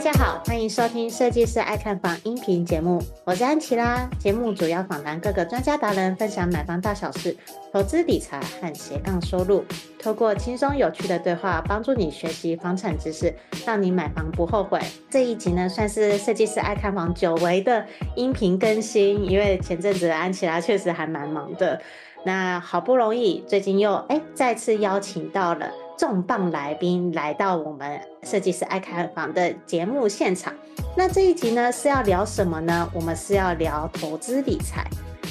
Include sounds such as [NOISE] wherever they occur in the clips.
大家好，歡迎收聽《設計師愛看房》音頻節目，我是安琪拉。節目主要訪談各個專家達人，分享買房大小事、投資理財和斜槓收入。透過輕鬆有趣的對話，幫助你學習房產知識，讓你買房不後悔。這一集呢，算是《設計師愛看房》久違的音頻更新，因為前陣子安琪拉確實還蠻忙的。那好不容易，最近又哎再次邀請到了。重磅來賓來到我們設計師愛看房的節目現場。那這一集呢，是要聊什麼呢？我們是要聊投資理財。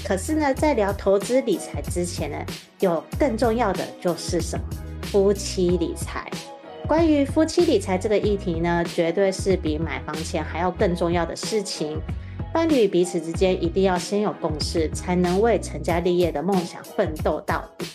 可是呢，在聊投資理財之前呢，有更重要的就是什麼？夫妻理財。關於夫妻理財這個議題呢，絕對是比買房錢還要更重要的事情。伴侶彼此之間一定要先有共識，才能為成家立業的夢想奮鬥到底。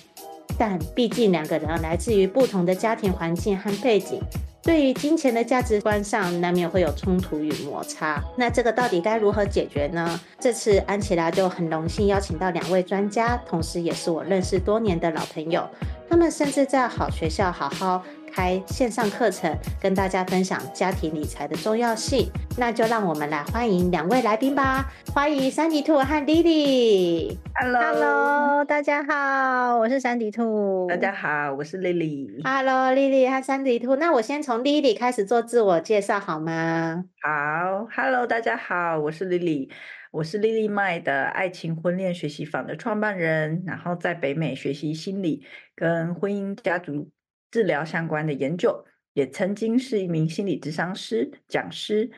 但畢竟兩個人來自於不同的家庭環境和背景，對於金錢的價值觀上，難免會有衝突與摩擦。那這個到底該如何解決呢？這次安琪拉就很榮幸邀請到兩位專家，同時也是我認識多年的老朋友，他們甚至在好學校好好，開線上課程，跟大家分享家庭理財的重要性。那就讓我們來歡迎兩位來賓吧。歡迎珊迪兔和麗麗。Hello，Hello，Hello，大家好，我是珊迪兔。大家好，我是麗麗。Hello，麗麗，和珊迪兔。那我先從麗麗開始做自我介紹好嗎？好，Hello，大家好，我是麗麗。我是麗麗麥的愛情婚戀學習坊的創辦人，然後在北美學習心理跟婚姻家族治療相關的研究，也曾經是一名心理諮商師、講師，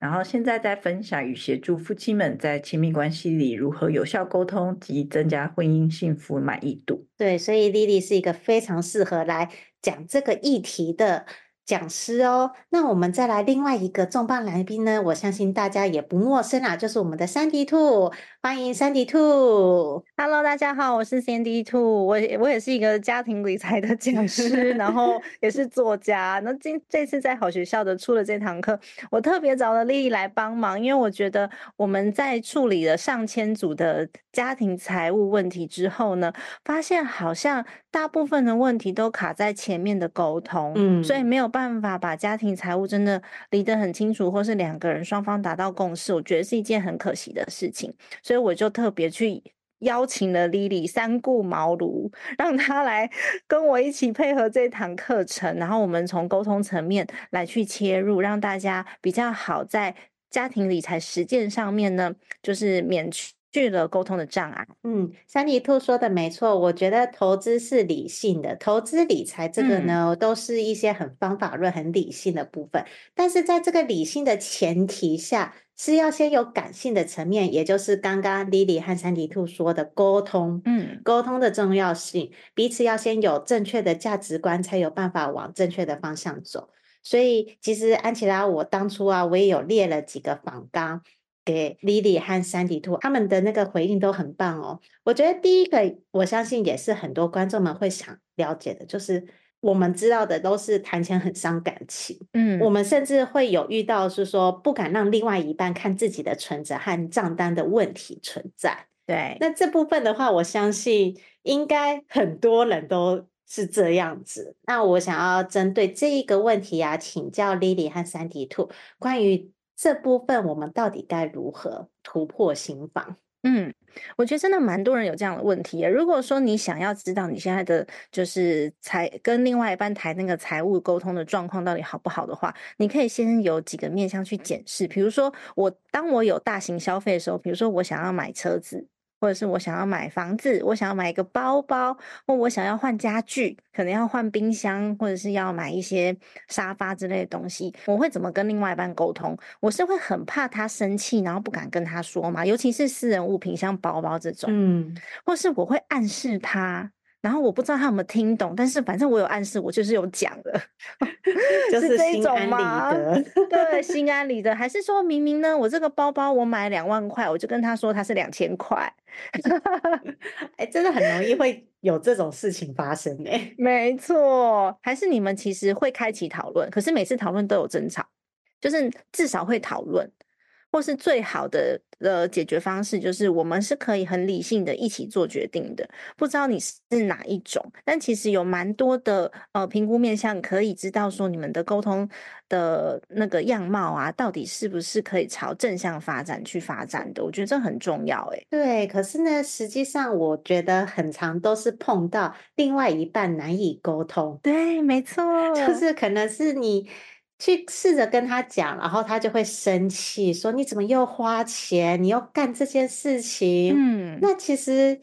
然後現在在分享與協助夫妻們在親密關係裡如何有效溝通及增加婚姻幸福滿意度。對，所以 Lily 是一個非常適合來講這個議題的。講師哦，那我們再來另外一個重磅來賓呢？我相信大家也不陌生啦、啊，就是我們的珊迪兔，歡迎珊迪兔。Hello，大家好，我是珊迪兔，我我也是一個家庭理財的講師， [LAUGHS] 然後也是作家。那今這次在好學校的出了這堂課，我特別找了莉莉來幫忙，因為我覺得我們在處理了上千組的。家庭財務問題之後呢，發現好像大部分的問題都卡在前面的溝通，嗯，所以沒有辦法把家庭財務真的理得很清楚，或是兩個人雙方達到共識，我覺得是一件很可惜的事情。所以我就特別去邀請了 Lily 三顧茅廬，讓她來跟我一起配合這堂課程，然後我們從溝通層面來去切入，讓大家比較好在家庭理財實踐上面呢，就是免去。去了溝通的障礙。嗯，珊迪兔說的沒錯。我覺得投資是理性的，投資理財這個呢，嗯、都是一些很方法論、很理性的部分。但是在這個理性的前提下，是要先有感性的層面，也就是剛剛 Lily 和珊迪兔說的溝通。嗯，溝通的重要性，彼此要先有正確的價值觀，才有辦法往正確的方向走。所以，其實安琪拉，我當初啊，我也有列了幾個訪綱。莉 Lily 和珊迪兔，他們的那個回應都很棒哦。我覺得第一個，我相信也是很多觀眾們會想了解的，就是我們知道的都是談錢很傷感情，嗯，我們甚至會有遇到是說不敢讓另外一半看自己的存折和賬單的問題存在。對，那這部分的話，我相信應該很多人都是這樣子。那我想要針對這一個問題啊，請教 Lily 和珊迪兔關於。這部分我們到底該如何突破心防？嗯，我覺得真的蠻多人有這樣的問題。如果說你想要知道你現在的就是財跟另外一半談那個財務溝通的狀況到底好不好的話，你可以先有幾個面向去檢視。比如說我，我當我有大型消費的時候，比如說我想要買車子。或者是我想要買房子，我想要買一個包包，或我想要換家具，可能要換冰箱，或者是要買一些沙發之類的東西，我會怎麼跟另外一半溝通？我是會很怕他生氣，然後不敢跟他說嘛，尤其是私人物品像包包這種，嗯，或是我會暗示他。然後我不知道他有沒有聽懂，但是反正我有暗示，我就是有講的 [LAUGHS] 就是笑，就是心安理得， [LAUGHS] 對，心安理得，還是說明明呢？我這個包包我買兩萬塊，我就跟他說他是兩千塊，哎、 [LAUGHS] [LAUGHS] 欸，真的很容易會有這種事情發生哎、欸，沒錯，還是你們其實會開啟討論，可是每次討論都有爭吵，就是至少會討論。或是最好的呃解決方式，就是我們是可以很理性的一起做決定的。不知道你是哪一種，但其實有蠻多的呃評估面向，可以知道說你們的溝通的那個樣貌啊，到底是不是可以朝正向發展去發展的。我覺得這很重要、欸，誒，對。可是呢，實際上我覺得很常都是碰到另外一半難以溝通。對，沒錯，就是可能是你。去試着跟他講，然後他就會生氣，說：“你怎麼又花錢？你又幹這件事情。”嗯，那其實。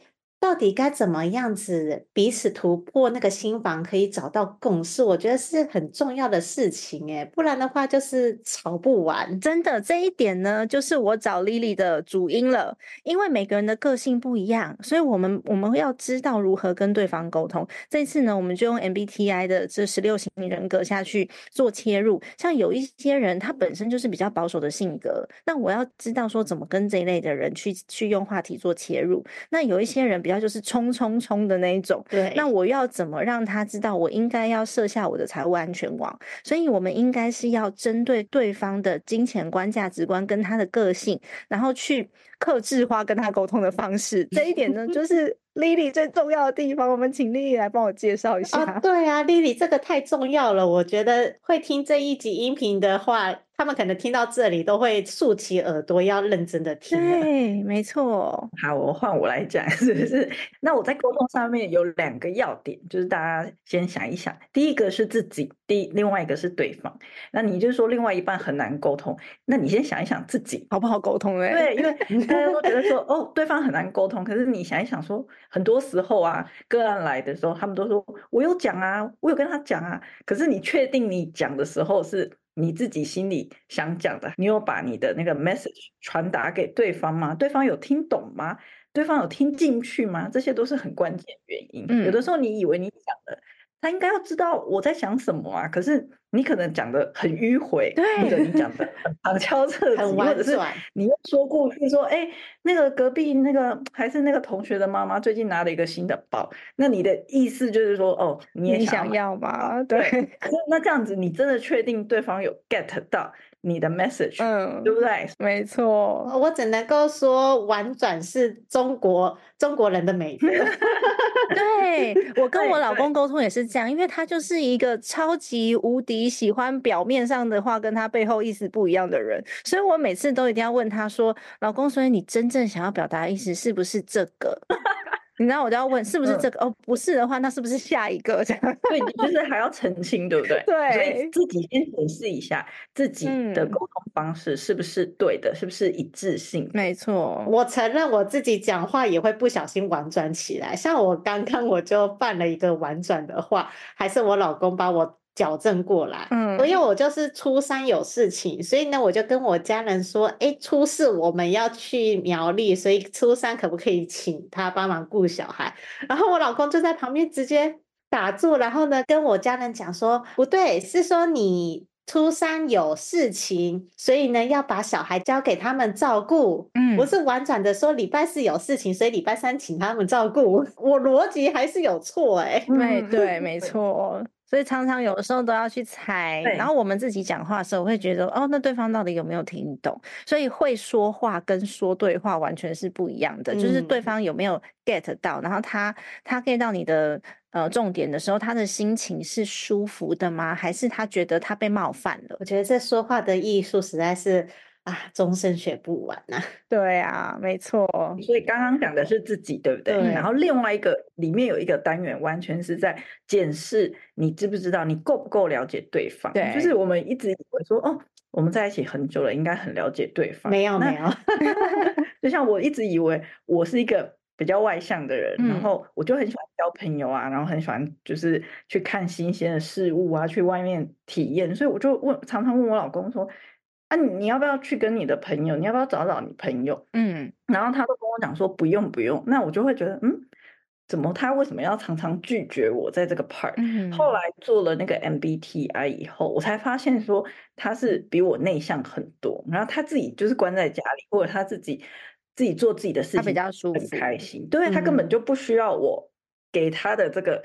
到底該怎麼樣子彼此突破那個心防，可以找到共識？我覺得是很重要的事情，哎，不然的話就是吵不完。真的，這一點呢，就是我找 Lily 的主因了。因為每個人的個性不一樣，所以我們我們要知道如何跟對方溝通。這次呢，我們就用 MBTI 的這十六型人格下去做切入。像有一些人，他本身就是比較保守的性格，那我要知道說怎麼跟這一類的人去去用話題做切入。那有一些人比較。就是衝衝衝的那一種，對。那我要怎麼讓他知道我應該要設下我的財務安全網？所以我們應該是要針對對方的金錢觀、價值觀跟他的個性，然後去客製化跟他溝通的方式。 [LAUGHS] 這一點呢，就是 Lily 最重要的地方，我們請 Lily 來幫我介紹一下。哦，對啊，Lily 這個太重要了。我覺得會聽這一集音頻的話。他們可能聽到這裡都會豎起耳朵，要認真的聽。對，沒錯。好，我換我來講，是不是？ [LAUGHS] 那我在溝通上面有兩個要點，就是大家先想一想。第一個是自己，第另外一個是對方。那你就是說另外一半很難溝通，那你先想一想自己好不好溝通、欸？哎，對，因為大家都覺得說 [LAUGHS] 哦，對方很難溝通，可是你想一想說，說很多時候啊，個案來的時候，他們都說我有講啊，我有跟他講啊，可是你確定你講的時候是？你自己心裡想講的，你有把你的那個 message 傳達給對方嗎？對方有聽懂嗎？對方有聽進去嗎？這些都是很關鍵的原因、嗯。有的時候你以為你講的。他應該要知道我在想什麼啊！可是你可能講的很迂迴，那個， [LAUGHS] 或者你講的旁敲側擊很婉轉。你又說故事說，哎、欸，那個隔壁那個還是那個同學的媽媽最近拿了一個新的包，那你的意思就是說，哦，你也想要吧？對， [LAUGHS] 那這樣子，你真的確定對方有 get 到？你的 message，嗯，對不對？沒錯，我只能夠說婉轉是中國中國人的美德。 [LAUGHS] [LAUGHS] 對，我跟我老公溝通也是這樣，因為他就是一個超級無敵，喜歡表面上的話跟他背後意思不一樣的人，所以我每次都一定要問他說：“老公，所以你真正想要表達的意思是不是這個？” [LAUGHS] 你知道我都要問是不是這個、嗯、哦？不是的話，那是不是下一個這樣？ [LAUGHS] 對，你就是還要澄清，對不對？對，所以自己先審視一下自己的溝通方式是不是對的，嗯、是不是一致性？沒錯。我承認我自己講話也會不小心婉轉起來，像我剛剛我就犯了一個婉轉的話，還是我老公把我。矯正過來，嗯，因為我就是初三有事情，所以呢，我就跟我家人說，哎、欸，初四我們要去苗栗，所以初三可不可以請他幫忙顧小孩？然後我老公就在旁邊直接打住，然後呢，跟我家人講說，不對，是說你初三有事情，所以呢，要把小孩交給他們照顧，嗯，不是婉轉的說禮拜四有事情，所以禮拜三請他們照顧。我邏輯還是有錯哎、欸，沒、嗯、對，沒錯。所以常常有的時候都要去猜，然後我們自己講話的時候，我會覺得哦，那對方到底有沒有聽懂？所以會說話跟說對話完全是不一樣的，嗯、就是對方有沒有 get 到，然後他他 get 到你的呃重點的時候，他的心情是舒服的嗎？還是他覺得他被冒犯了？我覺得這說話的藝術實在是。啊，終身學不完吶、啊！對啊，沒錯。所以剛剛講的是自己，對不對？對。然後另外一個裡面有一個單元，完全是在檢視你知不知道，你夠不夠了解對方。對，就是我們一直以為說，哦，我們在一起很久了，應該很了解對方。沒有，沒有。 [LAUGHS] 就像我一直以為我是一個比較外向的人、嗯，然後我就很喜歡交朋友啊，然後很喜歡就是去看新鮮的事物啊，去外面體驗。所以我就問，常常問我老公說。啊，你要不要去跟你的朋友？你要不要找找你朋友？嗯，然後他都跟我講說不用不用，那我就會覺得，嗯，怎麼他為什麼要常常拒絕我在這個 part？嗯，後來做了那個 MBTI 以後，我才發現說他是比我內向很多，然後他自己就是關在家裡，或者他自己自己做自己的事情，他比較舒服，很開心，對，他根本就不需要我給他的這個，嗯，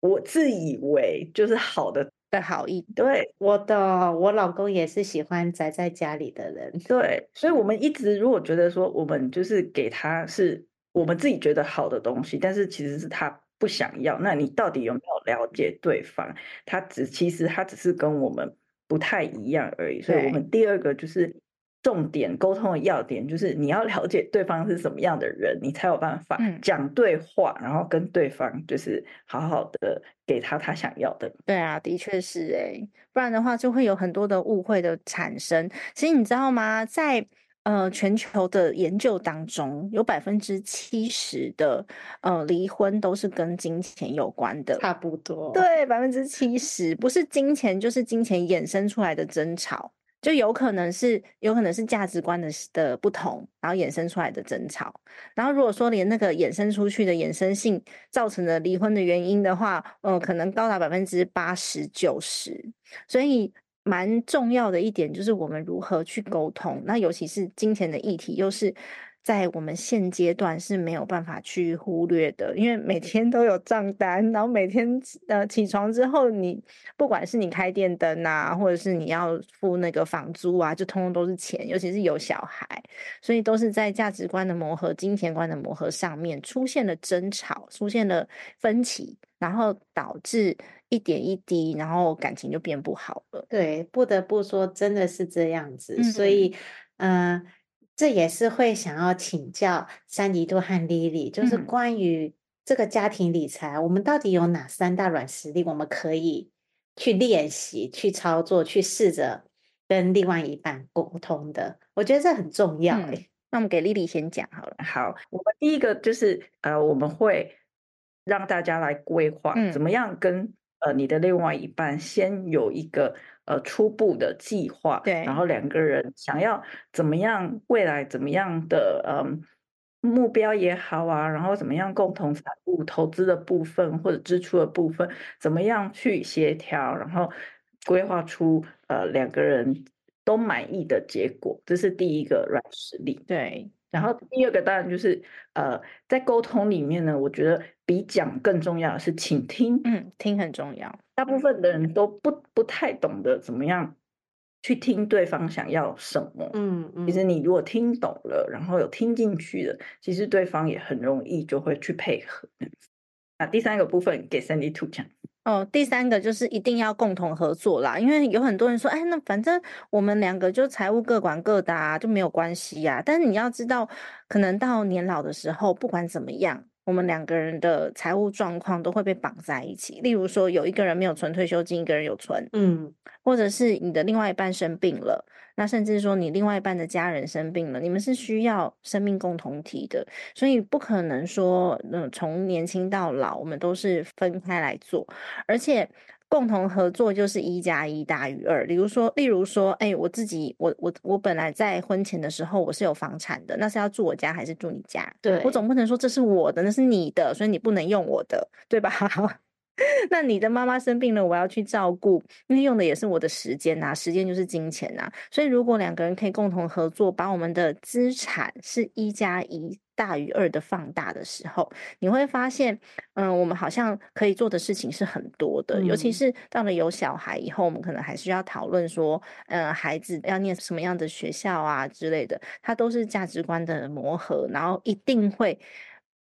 我自以為就是好的。的好意，對，我的我老公也是喜歡宅在家裡的人，對，所以我們一直如果覺得說，我們就是給他是我們自己覺得好的東西，但是其實是他不想要，那你到底有沒有了解對方？他只其實他只是跟我們不太一樣而已，所以我們第二個就是。重點，溝通的要點就是你要了解對方是什麼樣的人，你才有辦法講對話，嗯，然後跟對方就是好好的給他他想要的。對啊，的確是哎，不然的話就會有很多的誤會的產生。其實你知道嗎？在呃全球的研究當中，有百分之七十的呃離婚都是跟金錢有關的，差不多。對，百分之七十，不是金錢就是金錢衍生出來的爭吵。就有可能是有可能是價值觀的的不同，然後衍生出來的爭吵，然後如果說連那個衍生出去的衍生性造成了離婚的原因的話，呃，可能高達百分之八十九十，所以蠻重要的一點就是我們如何去溝通，那尤其是金錢的議題，又是。在我們現階段是沒有辦法去忽略的，因為每天都有賬單，然後每天呃起床之後你，你不管是你開電燈吶、啊，或者是你要付那個房租啊，就通通都是錢。尤其是有小孩，所以都是在價值觀的磨合、金錢觀的磨合上面出現了爭吵、出現了分歧，然後導致一點一滴，然後感情就變不好了。對，不得不說真的是這樣子，嗯、所以嗯。呃這也是會想要請教珊迪兔和 Lily，就是關於這個家庭理財、嗯，我們到底有哪三大軟實力，我們可以去練習、去操作、去試着跟另外一半溝通的？我覺得這很重要、欸。哎、嗯，那我們給 Lily 先講好了。好，我們第一個就是呃，我們會讓大家來規劃，怎麼樣跟。呃，你的另外一半先有一個呃初步的計劃，對，然後兩個人想要怎麼樣，未來怎麼樣的嗯目標也好啊，然後怎麼樣共同財務投資的部分或者支出的部分怎麼樣去協調，然後規劃出呃兩個人都滿意的結果，這是第一個軟實力。對。然後第二個當然就是，呃，在溝通裡面呢，我覺得比講更重要的是傾聽。嗯，聽很重要。大部分的人都不不太懂得怎麼樣去聽對方想要什麼。嗯，嗯，其實你如果聽懂了，然後有聽進去了，其實對方也很容易就會去配合。那第三個部分給珊迪兔講。哦，第三個就是一定要共同合作啦，因為有很多人說，哎，那反正我們兩個就財務各管各的啊，就沒有關係呀啊。但是你要知道，可能到年老的時候，不管怎麼樣，我們兩個人的財務狀況都會被綁在一起。例如說，有一個人沒有存退休金，一個人有存，嗯，或者是你的另外一半生病了。那甚至說你另外一半的家人生病了，你們是需要生命共同體的，所以不可能說，嗯，從年輕到老我們都是分開來做，而且共同合作就是一加一大於二。比如說，例如說，哎、欸，我自己，我我我本來在婚前的時候我是有房產的，那是要住我家還是住你家？對我總不能說這是我的，那是你的，所以你不能用我的，對吧？ [LAUGHS] 那你的媽媽生病了，我要去照顧，因為用的也是我的時間吶、啊，時間就是金錢吶、啊。所以如果兩個人可以共同合作，把我們的資產是一加一大於二的放大的時候，你會發現，嗯、呃，我們好像可以做的事情是很多的、嗯。尤其是到了有小孩以後，我們可能還需要討論說，嗯、呃，孩子要念什麼樣的學校啊之類的，它都是價值觀的磨合，然後一定會。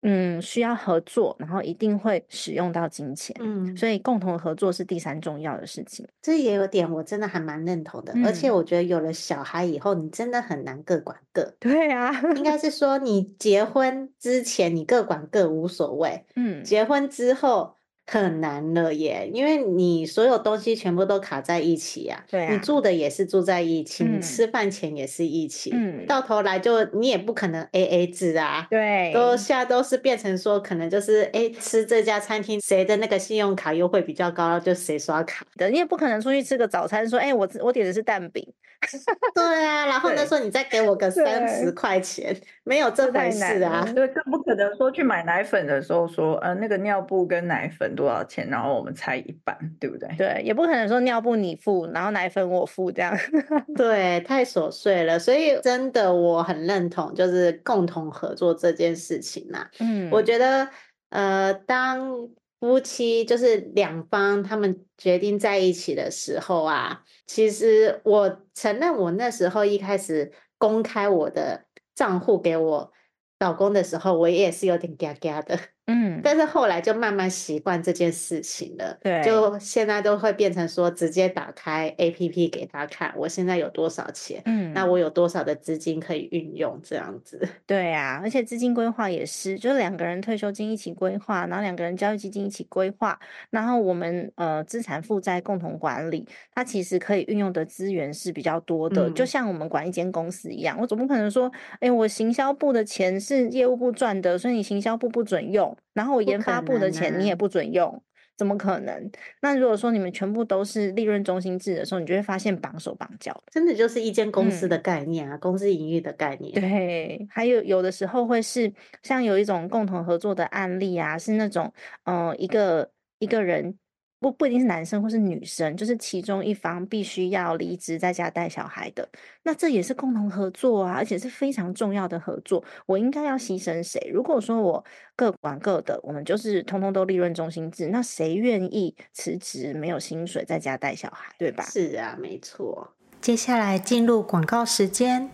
嗯，需要合作，然後一定會使用到金錢，嗯，所以共同合作是第三重要的事情。這也有點，我真的還蠻認同的、嗯。而且我覺得有了小孩以後，你真的很難各管各。對、嗯、啊，應該是說你結婚之前你各管各無所謂，嗯，結婚之後。很難了耶，因為你所有東西全部都卡在一起啊。對啊，你住的也是住在一起，嗯、你吃飯錢也是一起。嗯，到頭來就你也不可能 AA 制啊。對，都現在都是變成說，可能就是哎、欸，吃這家餐廳誰的那個信用卡優惠比較高，就誰刷卡。對，你也不可能出去吃個早餐說，哎、欸，我我點的是蛋餅。 [LAUGHS] 對啊，然後他說，你再給我個三十塊錢，沒有這回事啊對對，更不可能說去買奶粉的時候說，呃，那個尿布跟奶粉多少錢，然後我們拆一半，對不對？對，也不可能說尿布你付，然後奶粉我付這樣。 [LAUGHS] 對，太瑣碎了。所以真的我很認同，就是共同合作這件事情啊。嗯，我覺得呃，當。夫妻就是兩方，他們決定在一起的時候啊，其實我承認，我那時候一開始公開我的賬戶給我老公的時候，我也是有點尷尬的。嗯，但是後來就慢慢習慣這件事情了。對，就現在都會變成說直接打開 APP 給他看，我現在有多少錢，嗯，那我有多少的資金可以運用這樣子。對啊，而且資金規劃也是，就是兩個人退休金一起規劃，然後兩個人教育基金一起規劃，然後我們呃資產負債共同管理，它其實可以運用的資源是比較多的，嗯、就像我們管一間公司一樣，我總不可能說，哎、欸，我行銷部的錢是業務部賺的，所以你行銷部不准用。然後我研發部的錢你也不准用不，怎麼可能？那如果說你們全部都是利潤中心制的時候，你就會發現綁手綁腳，真的就是一間公司的概念啊，嗯、公司盈利的概念。對，還有有的時候會是像有一種共同合作的案例啊，是那種嗯、呃、一個一個人。不不一定是男生或是女生，就是其中一方必須要離職在家帶小孩的，那這也是共同合作啊，而且是非常重要的合作。我應該要犧牲誰？如果說我各管各的，我們就是通通都利潤中心制，那誰願意辭職沒有薪水在家帶小孩，對吧？是啊，沒錯。接下來進入廣告時間。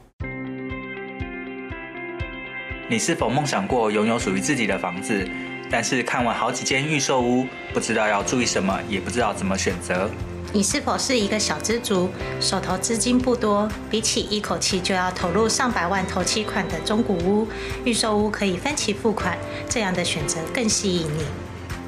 你是否夢想過擁有屬於自己的房子？但是看完好幾間預售屋，不知道要注意什麼，也不知道怎麼選擇。你是否是一個小資族，手頭資金不多？比起一口氣就要投入上百萬頭期款的中古屋，預售屋可以分期付款，這樣的選擇更吸引你。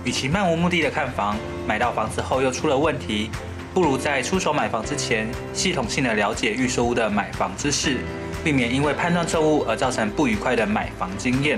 與其漫無目的的看房，買到房子後又出了問題，不如在出手買房之前，系統性的了解預售屋的買房知識，避免因為判斷錯誤而造成不愉快的買房經驗。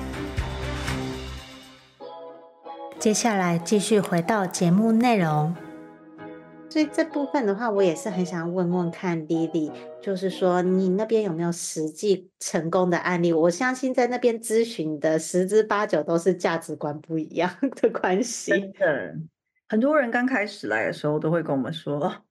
接下來繼續回到節目內容，所以這部分的話，我也是很想問問看 Lily，就是說你那邊有沒有實際成功的案例？我相信在那邊諮詢的十之八九都是價值觀不一樣的關係。真的，很多人剛開始來的時候都會跟我們說，哦，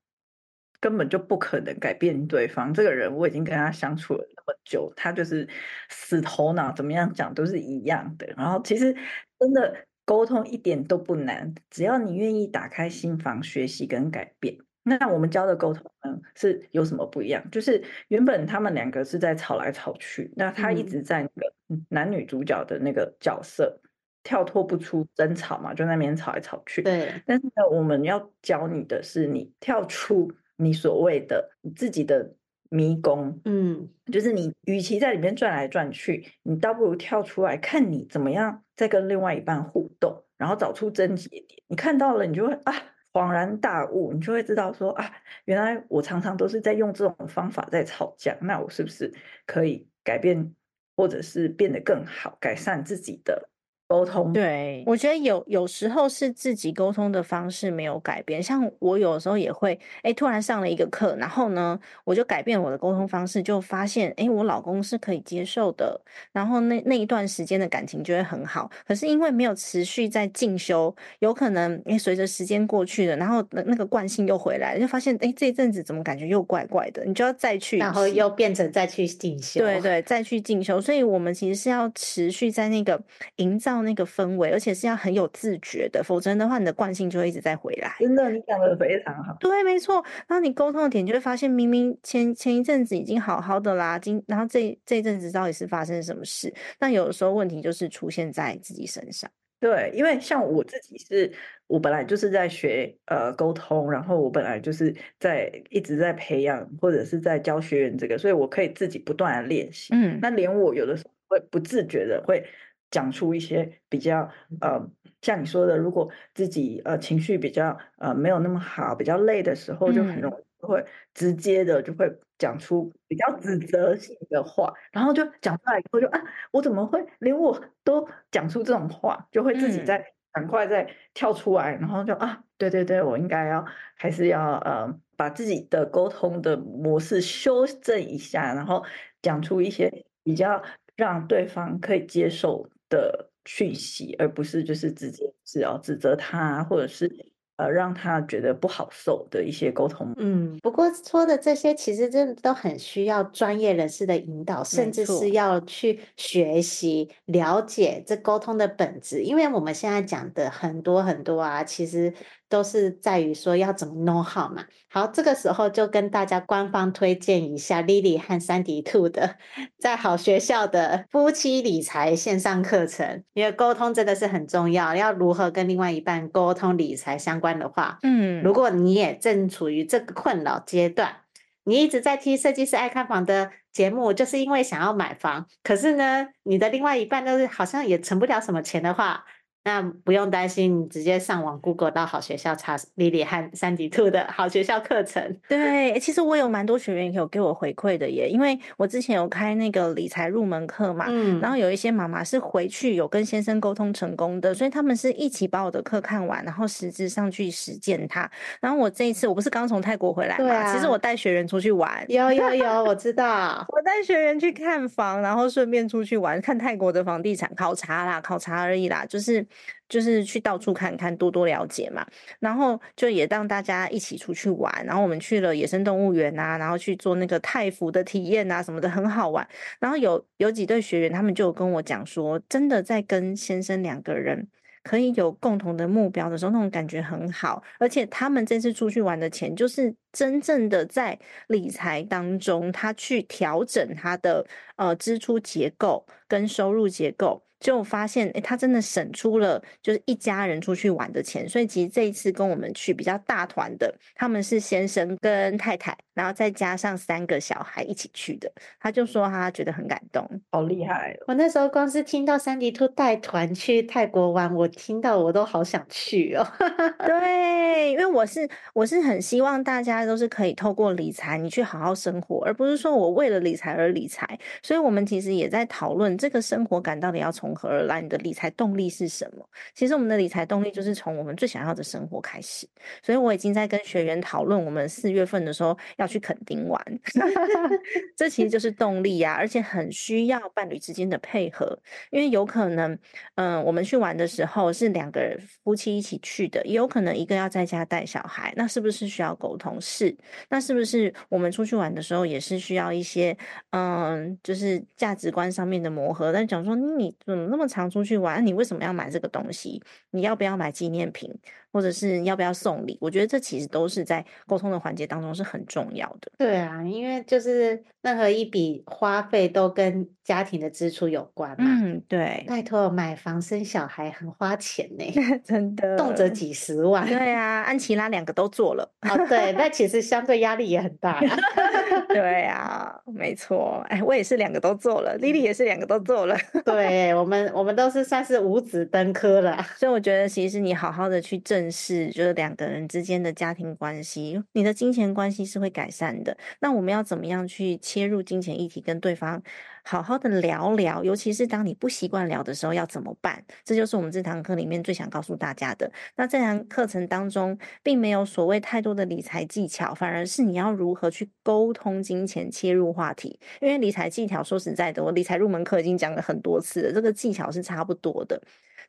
根本就不可能改變對方。這個人我已經跟他相處了那麼久，他就是死頭腦，怎麼樣講都是一樣的。然後其實真的。溝通一點都不難，只要你願意打開心房學習跟改變。那我們教的溝通呢，是有什麼不一樣？就是原本他們兩個是在吵來吵去，那他一直在那個男女主角的那個角色，跳脫不出爭吵嘛，就在那邊吵來吵去。對。但是呢，我們要教你的是，你跳出你所謂的你自己的。迷宮，嗯，就是你，與其在裡面轉來轉去，你倒不如跳出來，看你怎麼樣再跟另外一半互動，然後找出癥結點。你看到了，你就會啊，恍然大悟，你就會知道說啊，原來我常常都是在用這種方法在吵架。那我是不是可以改變，或者是變得更好，改善自己的溝通，對，我覺得有有時候是自己溝通的方式沒有改變，像我有時候也會，哎，突然上了一個課，然後呢，我就改變我的溝通方式，就發現，哎，我老公是可以接受的，然後那，那一段時間的感情就會很好。可是因為沒有持續在進修，有可能，哎，隨着時間過去了，然後那個慣性又回來了，就發現，哎，這一陣子怎麼感覺又怪怪的？你就要再去，然後又變成再去進修，對對，再去進修。所以我們其實是要持續在那個營造。那個氛圍，而且是要很有自覺的，否則的話，你的慣性就會一直再回來。真的，你講的非常好。對，沒錯。然後你溝通的點，你就會發現明明前前一陣子已經好好的啦，今然後這這陣子到底是發生什麼事？但有的時候問題就是出現在自己身上。對，因為像我自己是，我本來就是在學呃溝通，然後我本來就是在一直在培養或者是在教學員這個，所以我可以自己不斷的練習。嗯，那連我有的時候會不自覺的會。講出一些比較呃，像你說的，如果自己呃情緒比較呃沒有那麼好，比較累的時候，就很容易會直接的就會講出比較指責性的話，嗯、然後就講出來以後就啊，我怎麼會連我都講出這種話？就會自己再趕快再跳出來，然後就啊，對對對，我應該要還是要呃，把自己的溝通的模式修正一下，然後講出一些比較讓對方可以接受的訊息，而不是就是直接只要指責他，或者是呃讓他覺得不好受的一些溝通。嗯，不過說的這些其實真的都很需要專業人士的引導，甚至是要去學習了解這溝通的本質，因為我們現在講的很多很多啊，其實。都是在於說要怎麼弄好嘛。好，這個時候就跟大家官方推薦一下 Lily 和珊迪兔的在好學校的夫妻理財線上課程，因為溝通真的是很重要。要如何跟另外一半溝通理財相關的話，嗯，如果你也正處於這個困擾階段，你一直在聽設計師愛看房的節目，就是因為想要買房，可是呢，你的另外一半就是好像也存不了什麼錢的話。那不用擔心，直接上網 Google 到好學校查 Lily 和三 D t 的好學校課程。對，其實我有蠻多學員也有給我回饋的耶，因為我之前有開那個理財入門課嘛，嗯，然後有一些媽媽是回去有跟先生溝通成功的，所以他們是一起把我的課看完，然後實質上去實踐它。然後我這一次我不是剛從泰國回來嘛，啊、其實我帶學員出去玩，有有有，我知道， [LAUGHS] 我帶學員去看房，然後順便出去玩，看泰國的房地產考察啦，考察而已啦，就是。就是去到處看看，多多了解嘛。然後就也讓大家一起出去玩。然後我們去了野生動物園啊，然後去做那個泰服的體驗啊，什麼的，很好玩。然後有有幾對學員，他們就跟我講說，真的在跟先生兩個人可以有共同的目標的時候，那種感覺很好。而且他們這次出去玩的錢，就是真正的在理財當中，他去調整他的呃支出結構跟收入結構。就發現，哎、欸，他真的省出了，就是一家人出去玩的錢。所以其實這一次跟我們去比較大團的，他們是先生跟太太，然後再加上三個小孩一起去的。他就說他覺得很感動，好厲害！我那時候光是聽到珊迪兔帶團去泰國玩，我聽到我都好想去哦。 [LAUGHS] 對，因為我是我是很希望大家都是可以透過理財，你去好好生活，而不是說我為了理財而理財。所以我們其實也在討論這個生活感到底要從何而來？你的理財動力是什麼？其實我們的理財動力就是從我們最想要的生活開始。所以我已經在跟學員討論，我們四月份的時候要去墾丁玩， [LAUGHS] 這其實就是動力啊，而且很需要伴侶之間的配合，因為有可能，嗯、呃，我們去玩的時候是兩個人夫妻一起去的，也有可能一個要在家帶小孩，那是不是需要溝通？是，那是不是我們出去玩的時候也是需要一些，嗯、呃，就是價值觀上面的磨合？但講說你。你怎麼那麼常出去玩，啊、你為什麼要買這個東西？你要不要買紀念品，或者是要不要送禮？我覺得這其實都是在溝通的環節當中是很重要的。對啊，因為就是任何一筆花費都跟家庭的支出有關嘛。嗯，對。拜託，買房生小孩很花錢呢， [LAUGHS] 真的，動輒幾十萬。對啊，安琪拉兩個都做了啊、哦。對，那 [LAUGHS] 其實相對壓力也很大。 [LAUGHS] [LAUGHS] 對啊，沒錯，哎，我也是兩個都做了，莉 [LAUGHS] 莉也是兩個都做了， [LAUGHS] 對我們，我們都是算是五子登科了， [LAUGHS] 所以我覺得其實你好好的去正視就是兩個人之間的家庭關係，你的金錢關係是會改善的，那我們要怎麼樣去切入金錢議題跟對方？好好的聊聊，尤其是當你不習慣聊的時候，要怎麼辦？這就是我們這堂課裡面最想告訴大家的。那這堂課程當中，並沒有所謂太多的理財技巧，反而是你要如何去溝通金錢切入話題。因為理財技巧，說實在的，我理財入門課已經講了很多次了，這個技巧是差不多的。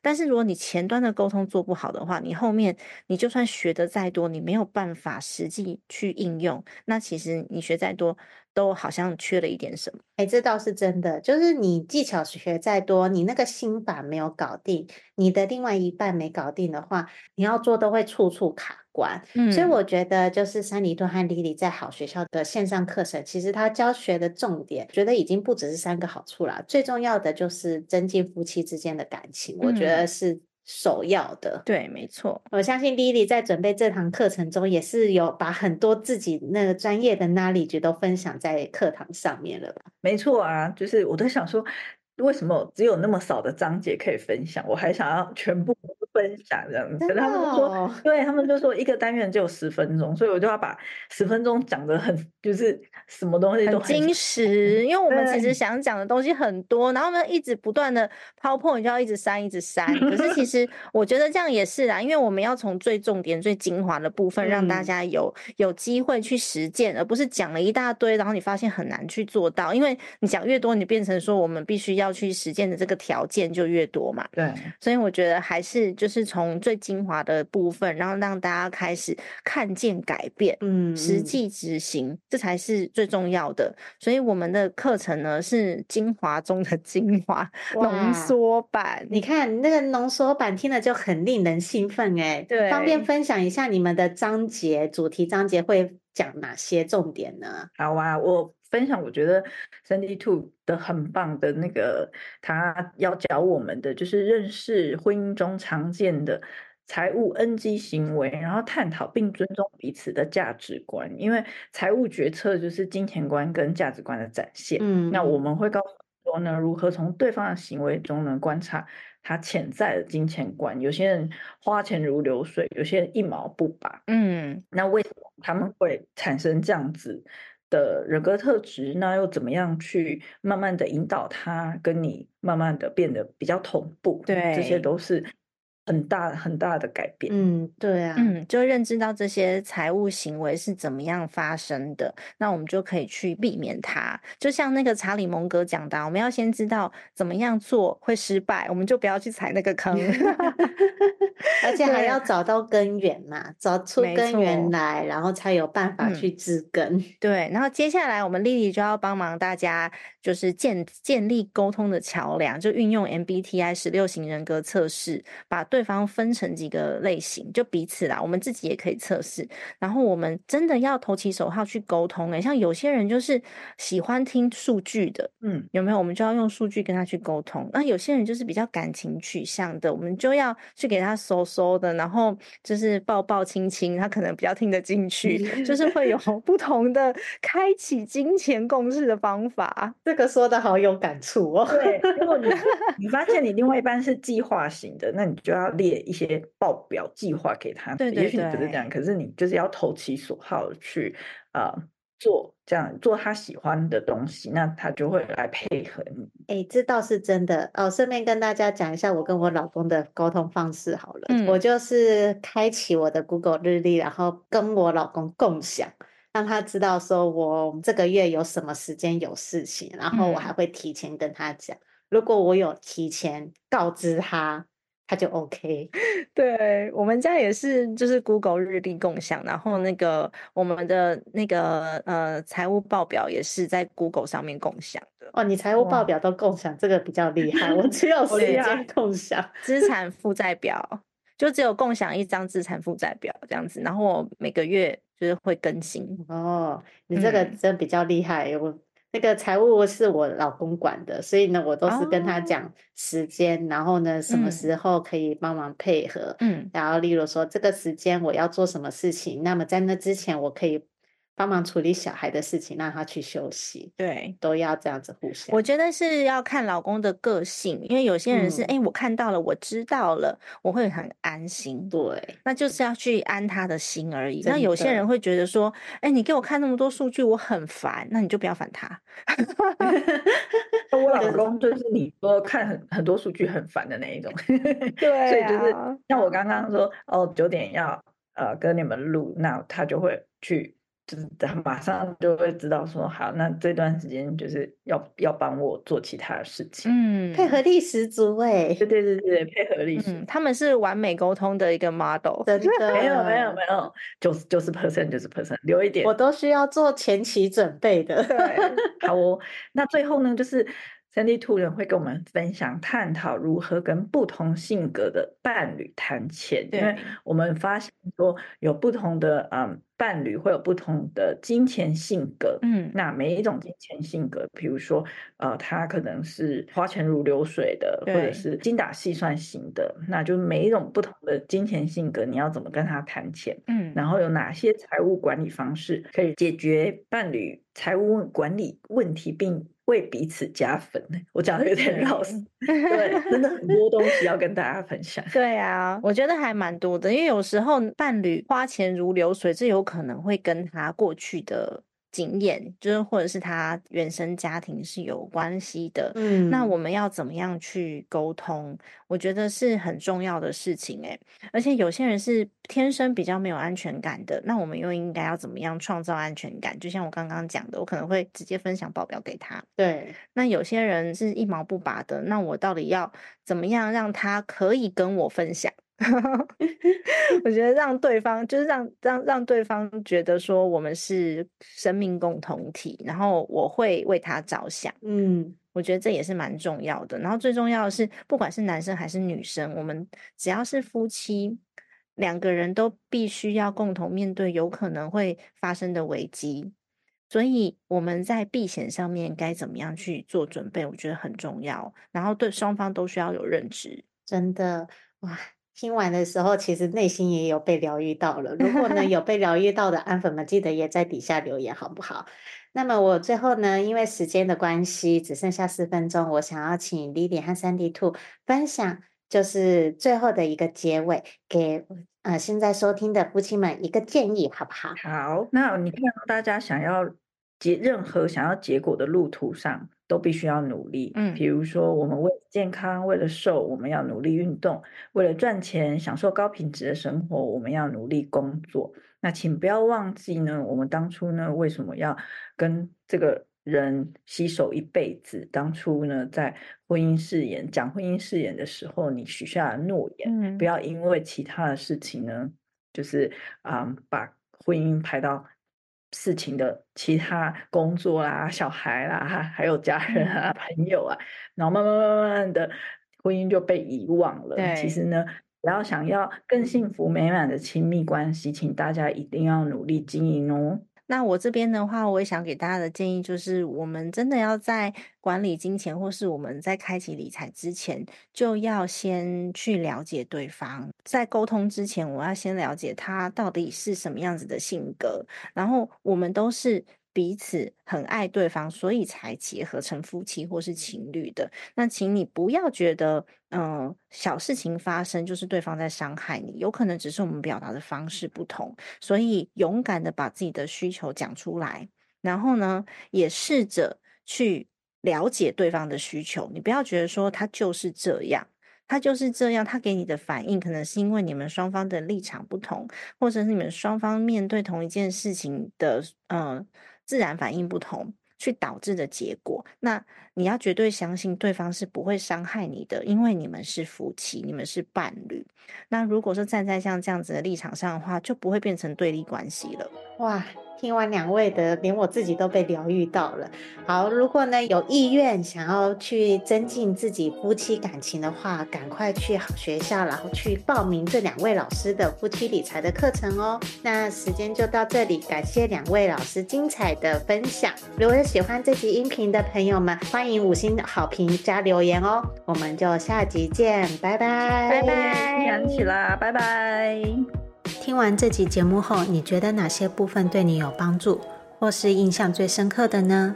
但是如果你前端的溝通做不好的話，你後面你就算學的再多，你沒有辦法實際去應用，那其實你學再多都好像缺了一點什麼。哎，這倒是真的，就是你技巧學再多，你那個心法沒有搞定，你的另外一半沒搞定的話，你要做都會處處卡。管、嗯，所以我覺得就是珊迪兔和莉莉在好學校的線上課程，其實他教學的重點，覺得已經不只是三個好處了。最重要的就是增進夫妻之間的感情、嗯，我覺得是首要的。對，沒錯。我相信莉莉在準備這堂課程中，也是有把很多自己那個專業的 knowledge 都分享在課堂上面了吧？沒錯啊，就是我都想說，為什麼只有那麼少的章節可以分享，我還想要全部。分享這樣子，oh. 他們說，對他們就說一個單元只有十分鐘，所以我就要把十分鐘講得很，就是什麼東西都很精實。 [LAUGHS] 因為我們其實想講的東西很多，然後我們一直不斷的拋破，你就要一直刪，一直刪。可是其實我覺得這樣也是啦， [LAUGHS] 因為我們要從最重點、最精華的部分讓大家有有機會去實踐、嗯，而不是講了一大堆，然後你發現很難去做到。因為你講越多，你變成說我們必須要去實踐的這個條件就越多嘛。對，所以我覺得還是。就是從最精華的部分，然後讓大家開始看見改變，嗯，實際執行，這才是最重要的。所以我們的課程呢是精華中的精華濃縮版。你看那個濃縮版，聽了就很令人興奮欸。對，方便分享一下你們的章節主題，章節會講哪些重點呢？好啊，我。分享我覺得珊迪兔的很棒的那個，他要教我們的就是認識婚姻中常見的財務 N G 行為，然後探討並尊重彼此的價值觀，因為財務決策就是金錢觀跟價值觀的展現。嗯，那我們會告訴說呢，如何從對方的行為中呢觀察他潛在的金錢觀。有些人花錢如流水，有些人一毛不拔。嗯，那為什麼他們會產生這樣子？的人格特質，那又怎麼樣去慢慢的引導他，跟你慢慢的變得比較同步？對，嗯，這些都是。很大很大的改變，嗯，對啊，嗯，就認知到這些財務行為是怎麼樣發生的，那我們就可以去避免它。就像那個查理蒙格講的，我們要先知道怎麼樣做會失敗，我們就不要去踩那個坑。 [LAUGHS] 而且還要找到根源嘛，找出根源來，然後才有辦法去治根、嗯。對，然後接下來我們莉莉就要幫忙大家，就是建建立溝通的橋樑，就運用 MBTI 十六型人格測試，把對。方分成幾個類型，就彼此啦。我們自己也可以測試。然後我們真的要投其所好去溝通、欸。哎，像有些人就是喜歡聽數據的，嗯，有沒有？我們就要用數據跟他去溝通。那有些人就是比較感情取向的，我們就要去給他搜搜的，然後就是抱抱親親，他可能比較聽得進去、嗯。就是會有不同的開啟金錢共識的方法 [LAUGHS] 這個說得好有感觸哦。對，如果你 [LAUGHS] 你發現你另外一半是計劃型的，那你就要。要列一些報表計劃給他，對、對、對，也許只是這樣，可是你就是要投其所好去、呃、做這樣做他喜歡的東西，那他就會來配合你。哎、欸，這倒是真的哦。順便跟大家講一下我跟我老公的溝通方式好了、嗯，我就是開啟我的 Google 日曆，然後跟我老公共享，讓他知道說我這個月有什麼時間有事情，然後我還會提前跟他講，嗯、如果我有提前告知他，那就 OK，對我們家也是，就是 Google 日曆共享，然後那個我們的那個呃財務報表也是在 Google 上面共享的。哦，你財務報表都共享，這個比較厲害。我只有時間共享，資產負債表就只有共享一張資產負債表這樣子，然後我每個月就是會更新。哦，你這個真比較厲害，我、嗯。那個財務是我老公管的，所以呢，我都是跟他講時間，哦，然後呢，什麼時候可以幫忙配合，嗯，然後例如說這個時間我要做什麼事情，那麼在那之前我可以，幫忙處理小孩的事情，讓他去休息。對，都要這樣子互相。我覺得是要看老公的個性，因為有些人是，哎、嗯，欸，我看到了，我知道了，我會很安心。對，那就是要去安他的心而已。那有些人會覺得說，哎、欸，你給我看那麼多數據，我很煩。那你就不要煩他。 [LAUGHS] [LAUGHS] 我老公就是你說看很很多數據很煩的那一種。 [LAUGHS] 對、啊，所以就是像我剛剛說，哦，九點要呃跟你們錄，那他就會去。就是他馬上就會知道說好，那這段時間就是要要幫我做其他的事情，嗯，配合力十足哎、欸，對對對對對，配合力十足，嗯，他們是完美溝通的一個 model，對，沒有沒有沒有，就是就是 person 就是 person，留一點，我都需要做前期準備的，好哦，那最後呢就是，珊迪兔兩人會跟我們分享，探討如何跟不同性格的伴侶談錢，因為我們發現說有不同的嗯、呃、伴侶會有不同的金錢性格，嗯，那每一種金錢性格，比如說呃，他可能是花錢如流水的，或者是精打細算型的，那就每一種不同的金錢性格，你要怎麼跟他談錢？嗯，然後有哪些財務管理方式可以解決伴侶財務問管理問題，並。為彼此加分，我講的有點繞死，嗯，對，真的很多東西要跟大家分享。 [LAUGHS] 對啊，我覺得還蠻多的，因為有時候伴侶花錢如流水，這有可能會跟他過去的。經驗就是，或者是他原生家庭是有關係的。嗯，那我們要怎麼樣去溝通？我覺得是很重要的事情誒，而且有些人是天生比較沒有安全感的，那我們又應該要怎麼樣創造安全感？就像我剛剛講的，我可能會直接分享報表給他。對。那有些人是一毛不拔的，那我到底要怎麼樣讓他可以跟我分享？哈哈，我覺得讓對方就是讓讓讓對方覺得說，我們是生命共同體，然後我會為他着想嗯，我覺得這也是蠻重要的。然後最重要的是，不管是男生還是女生，我們只要是夫妻，兩個人都必須要共同面對有可能會發生的危機。所以我們在避險上面該怎麼樣去做準備，我覺得很重要。然後對雙方都需要有認知。真的哇！聽完的時候，其實內心也有被療癒到了。如果呢有被療癒到的安粉們，記得也在底下留言，好不好？ [LAUGHS] 那麼我最後呢，因為時間的關係，只剩下四分鐘，我想要請 Lily 和珊迪兔分享，就是最後的一個結尾，給呃現在收聽的夫妻們一個建議，好不好？好，那你看到大家想要結任何想要結果的路途上。都必須要努力，嗯，比如說我們為了健康、為了瘦，我們要努力運動；為了賺錢、享受高品質的生活，我們要努力工作。那請不要忘記呢，我們當初呢為什麼要跟這個人攜手一輩子？當初呢在婚姻誓言講婚姻誓言的時候，你許下的諾言，不要因為其他的事情呢，就是啊，嗯，把婚姻排到。事情的其他工作啦、啊、小孩啦、啊、還有家人啊、朋友啊，然後慢慢慢慢的，婚姻就被遺忘了。其實呢，只要想要更幸福美滿的親密關係，請大家一定要努力經營哦。那我這邊的話，我也想給大家的建議就是，我們真的要在管理金錢，或是我們在開啟理財之前，就要先去了解對方。在溝通之前，我要先了解他到底是什麼樣子的性格，然後我們都是。彼此很愛對方，所以才結合成夫妻或是情侶的。那，請你不要覺得，嗯、呃，小事情發生就是對方在傷害你，有可能只是我們表達的方式不同。所以，勇敢的把自己的需求講出來，然後呢，也試着去了解對方的需求。你不要覺得說他就是這樣，他就是這樣，他給你的反應可能是因為你們雙方的立場不同，或者是你們雙方面對同一件事情的，嗯、呃。自然反應不同，去導致的結果。那。你要絕對相信對方是不會傷害你的，因為你們是夫妻，你們是伴侶。那如果是站在像這樣子的立場上的話，就不會變成對立關係了。哇，聽完兩位的，連我自己都被療癒到了。好，如果呢有意願想要去增進自己夫妻感情的話，趕快去好學校，然後去報名這兩位老師的夫妻理財的課程哦。那時間就到這裡，感謝兩位老師精彩的分享。如果有喜歡這集音頻的朋友們，歡迎。歡迎五星好評加留言哦，我們就下集見，拜拜，拜拜，安琪拉，拜拜。聽完這集節目後，你覺得哪些部分對你有幫助，或是印象最深刻的呢？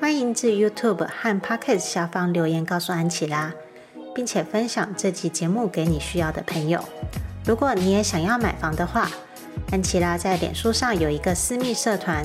歡迎至 YouTube 和 Podcast 下方留言告訴安琪拉，並且分享這集節目給你需要的朋友。如果你也想要買房的話，安琪拉在臉書上有一個私密社團。